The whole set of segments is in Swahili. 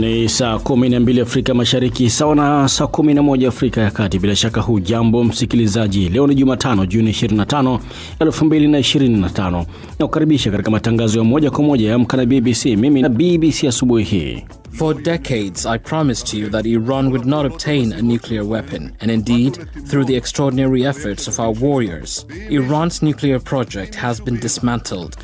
Ni saa kumi na mbili Afrika Mashariki, sawa na saa kumi na moja Afrika ya Kati. Bila shaka hujambo msikilizaji, leo ni Jumatano Juni 25, katika matangazo ya moja kwa moja na BBC. Mimi na BBC asubuhi hii For decades, I promised you that Iran would not obtain a nuclear weapon. And indeed, through the extraordinary efforts of our warriors, Iran's nuclear project has been dismantled.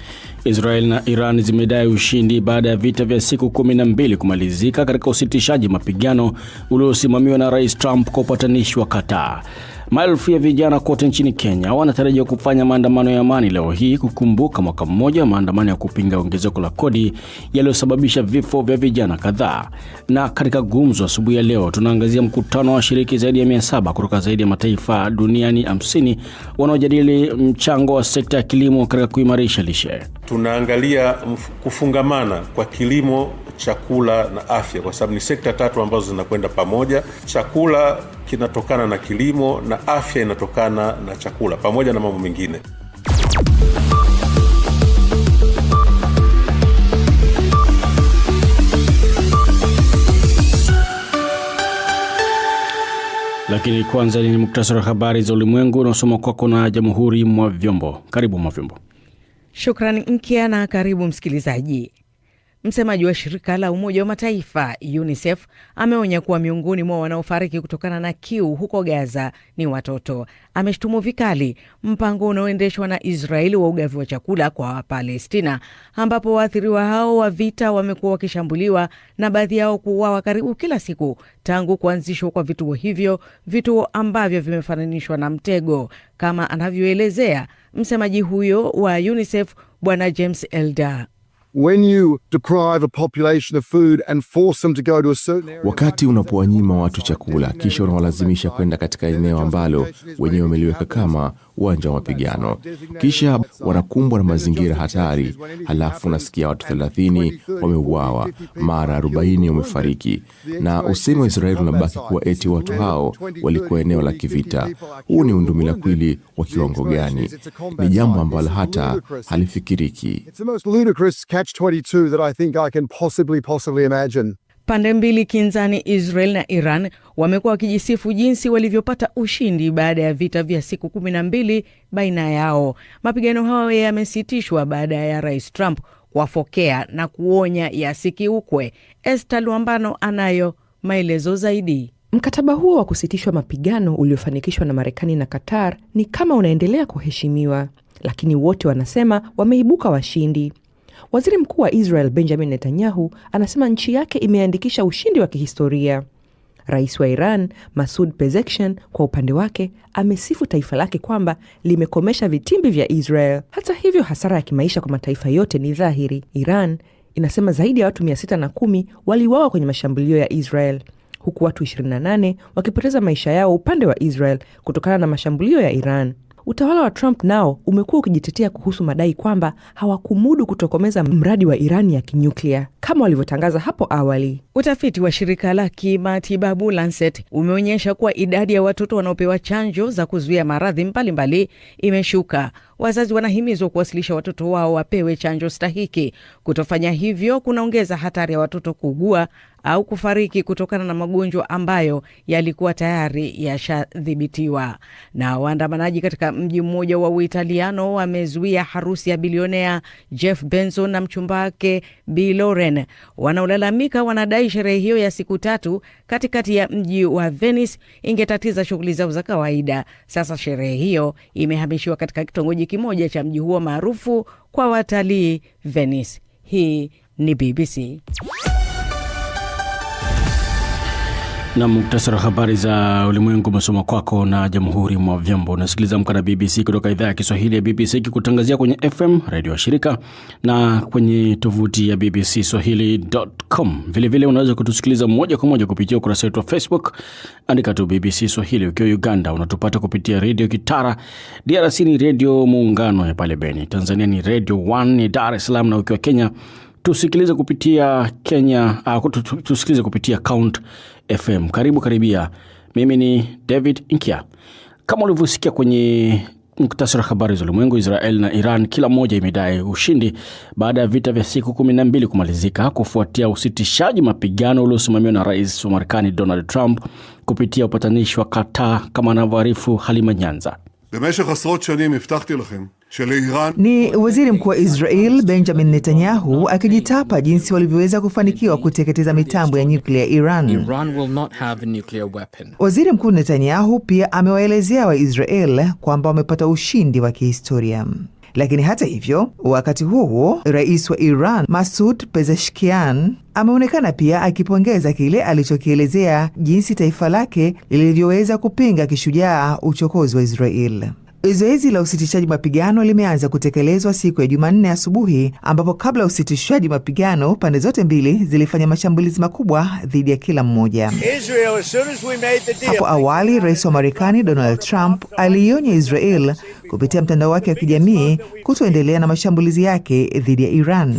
Israel na Iran zimedai ushindi baada ya vita vya siku 12 kumalizika katika usitishaji mapigano uliosimamiwa na Rais Trump kwa upatanishi wa Qatar. Maelfu ya vijana kote nchini Kenya wanatarajia kufanya maandamano ya amani leo hii kukumbuka mwaka mmoja wa maandamano ya kupinga ongezeko la kodi yaliyosababisha vifo vya vijana kadhaa. Na katika gumzo asubuhi ya leo, tunaangazia mkutano wa shiriki zaidi ya mia saba kutoka zaidi ya mataifa duniani 50 wanaojadili mchango wa sekta ya kilimo katika kuimarisha lishe. Tunaangalia kufungamana kwa kilimo chakula na afya, kwa sababu ni sekta tatu ambazo zinakwenda pamoja. Chakula kinatokana na kilimo na afya inatokana na chakula pamoja na mambo mengine. Lakini kwanza ni muktasari wa habari za ulimwengu unaosoma kwako na Jamhuri mwa Vyombo. Karibu Mwa Vyombo. Shukrani Mkia na karibu msikilizaji. Msemaji wa shirika la Umoja wa Mataifa UNICEF ameonya kuwa miongoni mwa wanaofariki kutokana na kiu huko Gaza ni watoto. Ameshtumu vikali mpango unaoendeshwa na Israeli wa ugavi wa chakula kwa Wapalestina, ambapo waathiriwa hao wa vita wamekuwa wakishambuliwa na baadhi yao kuuawa karibu kila siku tangu kuanzishwa kwa vituo hivyo, vituo ambavyo vimefananishwa na mtego, kama anavyoelezea msemaji huyo wa UNICEF Bwana James Elder. When you deprive a population of food and force them to go to a certain area... Wakati unapowanyima watu chakula kisha unawalazimisha kwenda katika eneo ambalo wenyewe wameliweka kama uwanja wa mapigano, kisha wanakumbwa na mazingira hatari. Halafu nasikia watu thelathini wameuawa, mara arobaini wamefariki, na usemi wa Israeli unabaki kuwa eti watu hao walikuwa eneo la kivita. Huu ni undumila kwili wa kiwango gani? Ni jambo ambalo hata halifikiriki. Pande mbili kinzani Israel na Iran wamekuwa wakijisifu jinsi walivyopata ushindi baada ya vita vya siku kumi na mbili baina yao. Mapigano hayo yamesitishwa baada ya Rais Trump kuwafokea na kuonya yasikiukwe. este Luambano anayo maelezo zaidi. Mkataba huo wa kusitishwa mapigano uliofanikishwa na Marekani na Qatar ni kama unaendelea kuheshimiwa, lakini wote wanasema wameibuka washindi. Waziri mkuu wa Israel Benjamin Netanyahu anasema nchi yake imeandikisha ushindi wa kihistoria. Rais wa Iran Masud Pezeshkian kwa upande wake amesifu taifa lake kwamba limekomesha vitimbi vya Israel. Hata hivyo, hasara ya kimaisha kwa mataifa yote ni dhahiri. Iran inasema zaidi ya watu 61 waliwawa waliuawa kwenye mashambulio ya Israel huku watu 28 wakipoteza maisha yao upande wa Israel kutokana na mashambulio ya Iran. Utawala wa Trump nao umekuwa ukijitetea kuhusu madai kwamba hawakumudu kutokomeza mradi wa Irani ya kinyuklia kama walivyotangaza hapo awali. Utafiti wa shirika la kimatibabu Lancet umeonyesha kuwa idadi ya watoto wanaopewa chanjo za kuzuia maradhi mbalimbali imeshuka. Wazazi wanahimizwa kuwasilisha watoto wao wapewe chanjo stahiki. Kutofanya hivyo kunaongeza hatari ya watoto kuugua au kufariki kutokana na magonjwa ambayo yalikuwa tayari yashadhibitiwa. Na waandamanaji katika mji mmoja wa Uitaliano wamezuia harusi ya bilionea Jeff Benson na mchumba wake Bi Wanaolalamika wanadai sherehe hiyo ya siku tatu katikati ya mji wa Venice ingetatiza shughuli zao za kawaida. Sasa sherehe hiyo imehamishiwa katika kitongoji kimoja cha mji huo maarufu kwa watalii Venice. Hii ni BBC na muktasari wa habari za ulimwengu umesoma kwako na Jamhuri mwa Vyombo. Unasikiliza mkana BBC kutoka idhaa ya Kiswahili ya BBC ikikutangazia kwenye FM redio wa shirika na kwenye tovuti ya BBC Swahili.com. Vilevile unaweza kutusikiliza moja kwa moja kupitia ukurasa wetu wa Facebook, andika tu BBC Swahili. Ukiwa Uganda unatupata kupitia Redio Kitara, DRC ni Redio Muungano ya pale Beni, Tanzania ni Redio 1 ya Dar es Salaam, na ukiwa Kenya tusikilize kupitia Kenya uh, tusikilize kupitia Count FM. Karibu karibia, mimi ni David nkia Kama ulivyosikia kwenye muktasari wa habari za ulimwengu, Israel na Iran kila moja imedai ushindi baada ya vita vya siku kumi na mbili kumalizika kufuatia usitishaji mapigano uliosimamiwa na rais wa Marekani Donald Trump kupitia upatanishi wa Qatar, kama anavyoarifu Halima Nyanza. Ni waziri mkuu wa Israel Benjamin Netanyahu akijitapa jinsi walivyoweza kufanikiwa kuteketeza mitambo ya nyuklia Iran. Iran Waziri Mkuu Netanyahu pia amewaelezea Waisrael kwamba wamepata ushindi wa kihistoria. Lakini hata hivyo, wakati huo huo, rais wa Iran Masud Pezeshkian ameonekana pia akipongeza kile alichokielezea jinsi taifa lake lilivyoweza kupinga kishujaa uchokozi wa israel Zoezi la usitishaji mapigano limeanza kutekelezwa siku ya Jumanne asubuhi, ambapo kabla ya usitishaji mapigano pande zote mbili zilifanya mashambulizi makubwa dhidi ya kila mmoja. Israel, as as deal. Hapo awali rais wa Marekani Donald Trump aliionya Israel kupitia mtandao wake wa kijamii kutoendelea na mashambulizi yake dhidi ya Iran,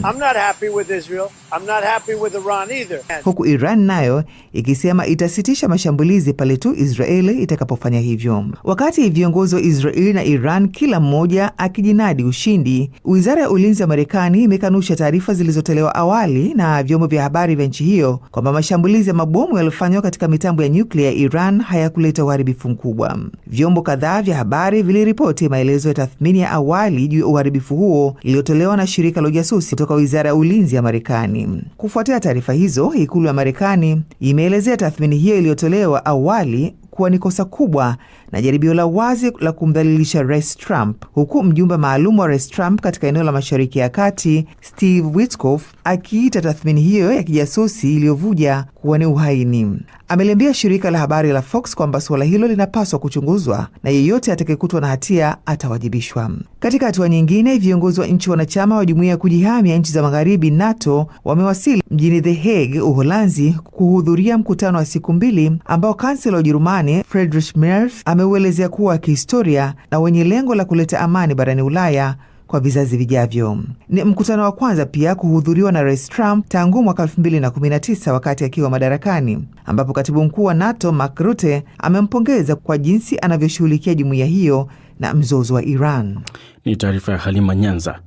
huku Iran nayo ikisema itasitisha mashambulizi pale tu Israeli itakapofanya hivyo. Wakati viongozi wa Israeli na Iran kila mmoja akijinadi ushindi, wizara ya ulinzi ya Marekani imekanusha taarifa zilizotolewa awali na vyombo vya habari vya nchi hiyo kwamba mashambulizi ya mabomu yaliyofanywa katika mitambo ya nyuklia ya Iran hayakuleta uharibifu mkubwa. Vyombo kadhaa vya habari viliripoti maelezo ya tathmini ya awali juu ya uharibifu huo iliyotolewa na shirika la ujasusi kutoka wizara ya ulinzi ya Marekani. Kufuatia taarifa hizo, ikulu ya Marekani imeelezea tathmini hiyo iliyotolewa awali kuwa ni kosa kubwa na jaribio la wazi la kumdhalilisha Rais Trump, huku mjumbe maalum wa Rais Trump katika eneo la Mashariki ya Kati Steve Witkoff akiita tathmini hiyo ya kijasusi iliyovuja kuwa ni uhaini. Ameliambia shirika la habari la Fox kwamba suala hilo linapaswa kuchunguzwa na yeyote atakayekutwa na hatia atawajibishwa. Katika hatua nyingine, viongozi wa nchi wanachama wa jumuiya ya kujihami ya nchi za magharibi NATO wamewasili mjini The Hague, Uholanzi, kuhudhuria mkutano wa siku mbili ambao kansela wa Ujerumani Friedrich Merz ameuelezea kuwa wa kihistoria na wenye lengo la kuleta amani barani Ulaya kwa vizazi vijavyo. Ni mkutano wa kwanza pia kuhudhuriwa na Rais Trump tangu mwaka 2019 wakati akiwa madarakani, ambapo katibu mkuu wa NATO Mark Rutte amempongeza kwa jinsi anavyoshughulikia jumuiya hiyo na mzozo wa Iran. Ni taarifa ya Halima Nyanza.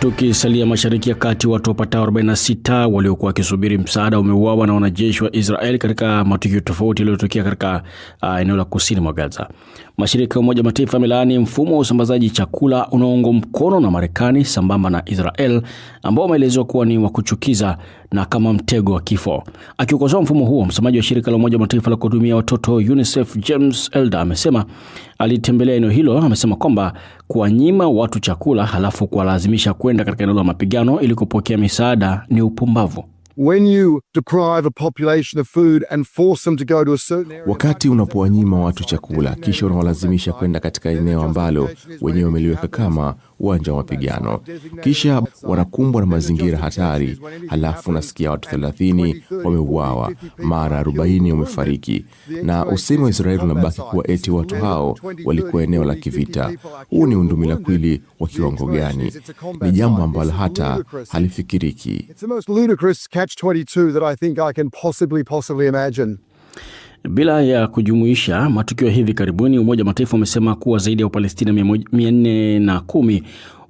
Tukisalia mashariki ya kati, watu wapatao 46 waliokuwa wakisubiri msaada wameuawa na wanajeshi wa Israel katika matukio tofauti yaliyotokea katika uh, eneo la kusini mwa Gaza. Mashirika ya Umoja Mataifa yamelaani mfumo wa usambazaji chakula unaoungwa mkono na Marekani sambamba na Israel ambao wameelezewa kuwa ni wa kuchukiza na kama mtego wa kifo. Akiukosoa mfumo huo, msemaji wa shirika la Umoja wa Mataifa la kuhudumia watoto UNICEF James Elder amesema alitembelea eneo hilo, amesema kwamba kuwanyima watu chakula halafu kuwalazimisha kwenda katika eneo la mapigano ili kupokea misaada ni upumbavu. When you deprive a population of food and force them to go to a certain area... Wakati unapowanyima watu chakula kisha unawalazimisha kwenda katika eneo ambalo wenyewe wameliweka kama uwanja wa mapigano, kisha wanakumbwa na mazingira hatari, halafu unasikia watu thelathini wameuawa, mara arobaini wamefariki, na usemi wa Israeli unabaki kuwa eti watu hao walikuwa eneo la kivita. Huu ni undumila kwili wa kiwango gani? Ni jambo ambalo hata halifikiriki catch 22 that I think I can possibly possibly imagine. Bila ya kujumuisha matukio hivi karibuni, Umoja wa Mataifa umesema kuwa zaidi ya Wapalestina 410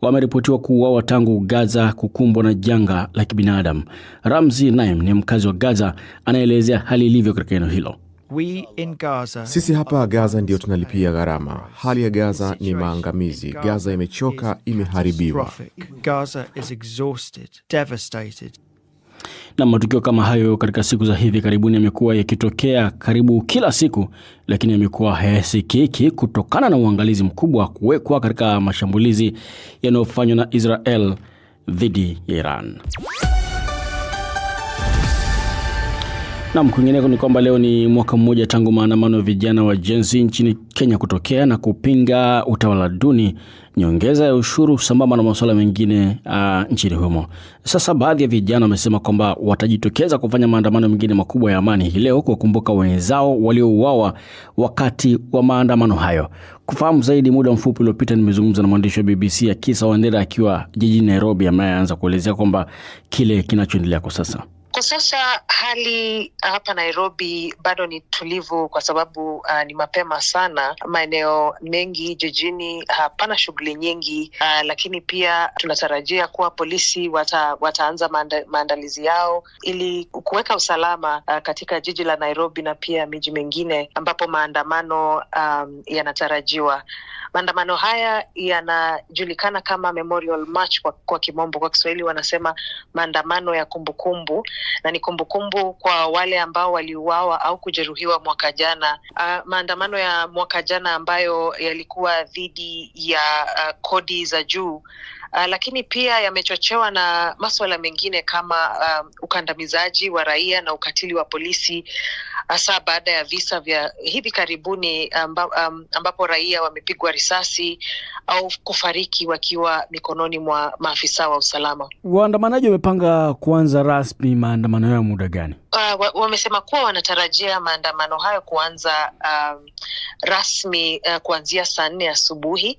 wameripotiwa kuuawa tangu Gaza kukumbwa na janga la kibinadamu. Ramzi Naim ni mkazi wa Gaza, anaelezea hali ilivyo katika eneo hilo. Sisi hapa Gaza ndiyo tunalipia gharama. Hali ya Gaza ni maangamizi. Gaza imechoka, imeharibiwa. Na matukio kama hayo katika siku za hivi karibuni yamekuwa yakitokea karibu kila siku, lakini yamekuwa hayasikiki kutokana na uangalizi mkubwa wa kuwekwa katika mashambulizi yanayofanywa na Israel dhidi ya Iran. Nam, kwingineko ni kwamba leo ni mwaka mmoja tangu maandamano ya vijana wa Gen Z nchini Kenya kutokea na kupinga utawala duni, nyongeza ya ushuru sambamba na masuala mengine uh, nchini humo. Sasa baadhi ya vijana wamesema kwamba watajitokeza kufanya maandamano mengine makubwa ya amani hii leo kuwakumbuka wenzao waliouawa wakati wa maandamano hayo. Kufahamu zaidi, muda mfupi uliopita nimezungumza na mwandishi wa BBC Akisa Wandera akiwa jijini Nairobi, ambaye anaanza kuelezea kwamba kile kinachoendelea kwa sasa kwa sasa hali hapa Nairobi bado ni tulivu, kwa sababu uh, ni mapema sana. Maeneo mengi jijini hapana shughuli nyingi uh, lakini pia tunatarajia kuwa polisi wata, wataanza manda, maandalizi yao ili kuweka usalama uh, katika jiji la Nairobi na pia miji mingine ambapo maandamano um, yanatarajiwa. Maandamano haya yanajulikana kama Memorial March kwa, kwa kimombo. Kwa Kiswahili wanasema maandamano ya kumbukumbu kumbu, na ni kumbukumbu kumbu kwa wale ambao waliuawa au kujeruhiwa mwaka jana. Uh, maandamano ya mwaka jana ambayo yalikuwa dhidi ya uh, kodi za juu uh, lakini pia yamechochewa na maswala mengine kama uh, ukandamizaji wa raia na ukatili wa polisi hasa baada ya visa vya hivi karibuni amba, um, ambapo raia wamepigwa risasi au kufariki wakiwa mikononi mwa maafisa wa usalama. Waandamanaji wamepanga kuanza rasmi maandamano yao muda gani? uh, wamesema kuwa wanatarajia maandamano hayo kuanza um, rasmi uh, kuanzia saa nne asubuhi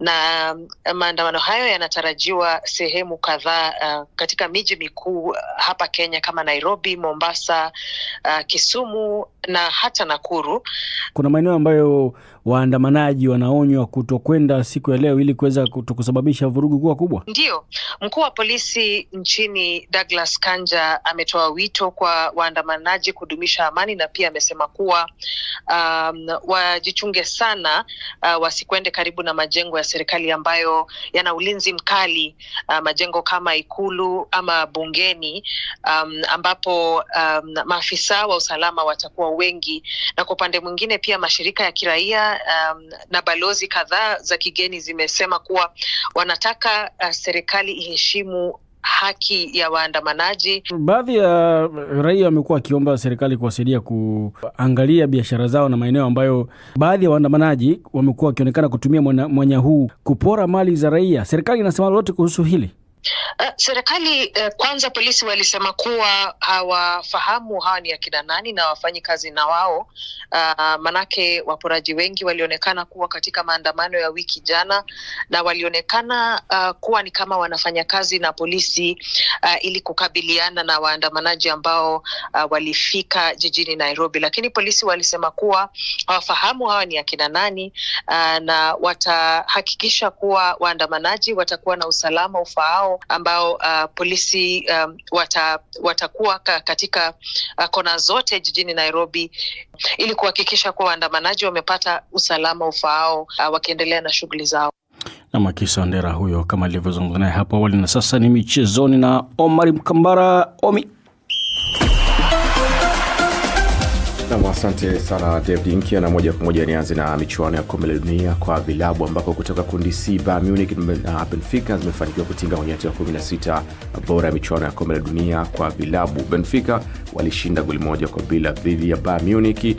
na um, maandamano hayo yanatarajiwa sehemu kadhaa uh, katika miji mikuu uh, hapa Kenya kama Nairobi, Mombasa, uh, Kisumu na hata Nakuru. Kuna maeneo ambayo waandamanaji wanaonywa kutokwenda siku ya leo ili kuweza kutokusababisha vurugu kuwa kubwa? Ndiyo, mkuu wa polisi nchini Douglas Kanja ametoa wito kwa waandamanaji kudumisha amani na pia amesema kuwa um, wajichunge sana uh, wasikwende karibu na majengo ya serikali ambayo yana ulinzi mkali uh, majengo kama ikulu ama bungeni um, ambapo um, maafisa wa usalama watakuwa wengi, na kwa upande mwingine pia mashirika ya kiraia um, na balozi kadhaa za kigeni zimesema kuwa wanataka uh, serikali iheshimu haki ya waandamanaji. Baadhi ya raia wamekuwa wakiomba serikali kuwasaidia kuangalia biashara zao na maeneo ambayo baadhi ya waandamanaji wamekuwa wakionekana kutumia mwanya huu kupora mali za raia. Serikali inasema lolote kuhusu hili? Uh, serikali uh, kwanza polisi walisema kuwa hawafahamu hawa ni akina nani na wafanyi kazi na wao. Uh, manake waporaji wengi walionekana kuwa katika maandamano ya wiki jana na walionekana uh, kuwa ni kama wanafanya kazi na polisi uh, ili kukabiliana na waandamanaji ambao uh, walifika jijini Nairobi, lakini polisi walisema kuwa hawafahamu hawa ni akina nani uh, na watahakikisha kuwa waandamanaji watakuwa na usalama ufaao ambao uh, polisi um, wata, watakuwa katika uh, kona zote jijini Nairobi ili kuhakikisha kuwa waandamanaji wamepata usalama ufaao uh, wakiendelea na shughuli zao. Makisa ndera huyo kama alivyozungumza naye hapo awali. Na sasa ni michezoni na Omari Mkambara Omi. Nam, asante sana David nkia na moja kwa moja nianze na michuano ya kombe la dunia kwa vilabu ambapo kutoka kundi C Bayern Munich na Benfica zimefanikiwa kutinga kwenye hatua 16 bora ya michuano ya kombe la dunia kwa vilabu. Benfica walishinda goli moja kwa bila dhidi ya Bayern Munich. Eh,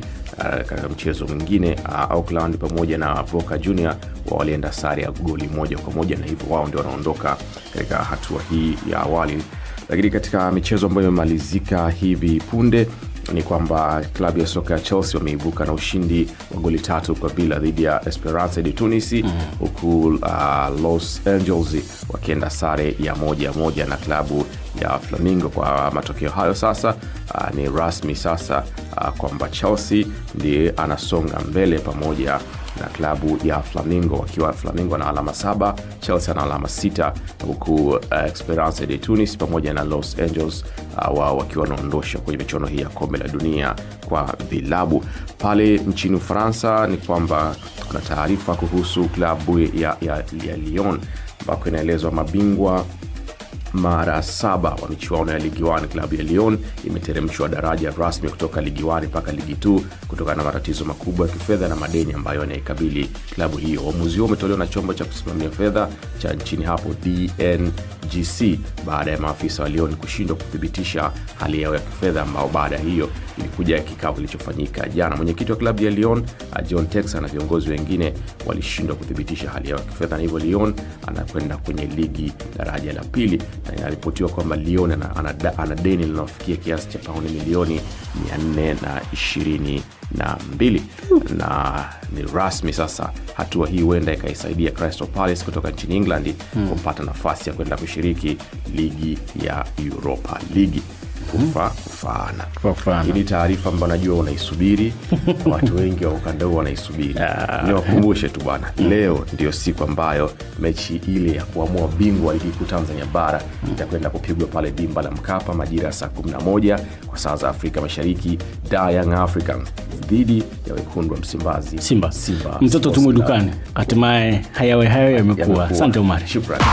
katika mchezo mwingine eh, Auckland pamoja na Boca Junior walienda sare ya goli moja kwa moja na hivyo wao ndio wanaondoka katika hatua hii ya awali. Lakini katika michezo ambayo imemalizika hivi punde ni kwamba klabu ya soka ya Chelsea wameibuka na ushindi wa goli tatu kwa bila dhidi ya Esperance de tunisi mm. huku mm. uh, Los Angeles wakienda sare ya moja moja na klabu ya Flamingo. Kwa matokeo hayo sasa, uh, ni rasmi sasa uh, kwamba Chelsea ndiye anasonga mbele pamoja na klabu ya Flamengo wakiwa Flamengo na alama saba, Chelsea na alama sita, huku uh, Esperance de Tunis pamoja na Los Angeles uh, wao wakiwa wanaondosha kwenye michuano hii ya kombe la dunia kwa vilabu. Pale nchini Ufaransa ni kwamba kuna taarifa kuhusu klabu ya, ya, ya Lyon ambako inaelezwa mabingwa mara saba wa michuano ya ligi 1 klabu ya Lyon imeteremshwa daraja rasmi kutoka ligi 1 mpaka ligi 2 kutokana na matatizo makubwa ya kifedha na madeni ambayo yanaikabili klabu hiyo. Uamuzi huo umetolewa na chombo cha kusimamia fedha cha nchini hapo DNGC baada ya maafisa wa Lyon kushindwa kuthibitisha hali yao ya kifedha, ambao baada hiyo ilikuja kikao kilichofanyika jana. Mwenyekiti wa klabu ya Lyon John texa na viongozi wengine walishindwa kuthibitisha hali yao ya kifedha, na hivyo Lyon anakwenda kwenye ligi daraja la pili, na inaripotiwa kwamba Lyon ana, ana, ana deni linaofikia kiasi cha pauni milioni 422 na, na ni rasmi sasa. Hatua hii huenda ikaisaidia Crystal Palace kutoka nchini England hmm, kupata nafasi ya kwenda kushiriki ligi ya Europa Ligi kufa ili taarifa ambayo najua unaisubiri watu wengi wa ukanda wanaisubiri wanaisubiri ah. niwakumbushe tu bwana leo ndio siku ambayo mechi ile ya kuamua bingwa ligi kuu tanzania bara itakwenda kupigwa pale dimba la mkapa majira ya saa 11 kwa saa za afrika mashariki da dhidi ya wekundu wa msimbazi simba, simba. mtoto tumwe dukani hatimaye hayawe hayo yamekuwa asante umari shukrani